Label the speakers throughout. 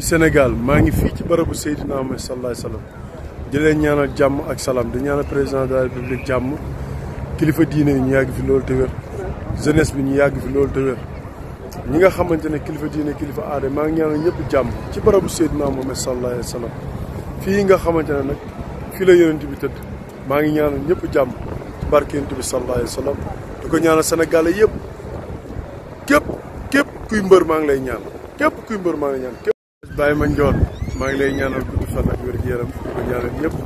Speaker 1: ci Sénégal maa ngi fii ci barabu Seydina Muhammad sallallahu alayhi wa sallam di leen ñaanal jàmm ak salaam di ñaanal président de la république jàmm kilifa diine yi ñu yàgg fi loolu te wér jeunesse bi ñu yàgg fi loolu te wér ñi nga xamante kilifa diine kilifa aada maa ngi ñaanal ñëpp jàmm ci barabu Seydina Muhammad sallallahu alayhi wa sallam fii nga xamante ne nag fii la yonent bi tëdd maa ngi ñaanal ñëpp jàmm ci barke bi sallallahu alayhi wa sallam di ko ñaanal Sénégalais yëpp képp képp kuy mbër maa ngi lay ñaan képp kuy mbër maa ngi ñaan Baye Mandione maa ngi lay ñaanal gudd fan ak wér gu yaram di ko ñaanal ñëpp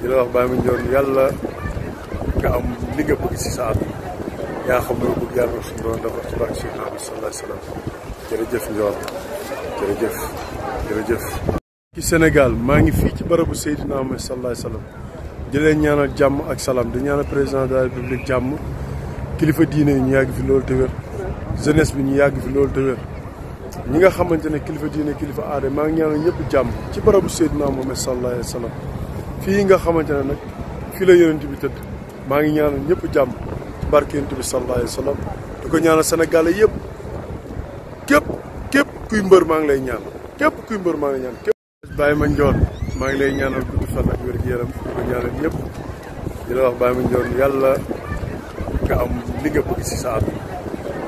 Speaker 1: di la wax Baye Mandione yàlla nga am li nga bëgg si sa at xam loo bëgg yàlla suñu doon dafa ci barke si Muhammad sallallahu alayhi wa sallam jërëjëf Ndiol jërëjëf jërëjëf. ci Sénégal maa ngi fii ci barabu Seydina Muhammad sallallahu alayhi wa sallam di leen ñaanal jàmm ak salaam di ñaanal président de la république jàmm kilifa diine ñu yàgg fi loolu te wér jeunesse bi ñu yàgg fi loolu te wér. ñi nga xamante ne kilifa diine kilifa aada maa ngi ñaanal ñëpp jàmm ci barabu Seydina Muhammad sallallahu alayhi wa sallam fii nga xamante ne nag fii la yonent bi tëdd maa ngi ñaanal ñëpp jàmm barke yonent bi sallallahu alayhi wa sallam di ko ñaanal képp képp mbër maa ngi lay ñaan képp kuy mbër maa ngi lay maa ngi lay ñaanal gudd fan ak wér gu yaram di ko ñaanal ñëpp di la wax Baye Mandione yàlla nga am li nga si sa àdduna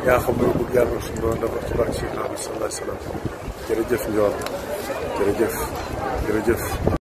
Speaker 1: yaa xam loolu bëgg yàlla suñu borom dafa ci barke Seydina Muhammad sallallahu alayhi wa sallam jërëjëf Ndiol jërëjëf jërëjëf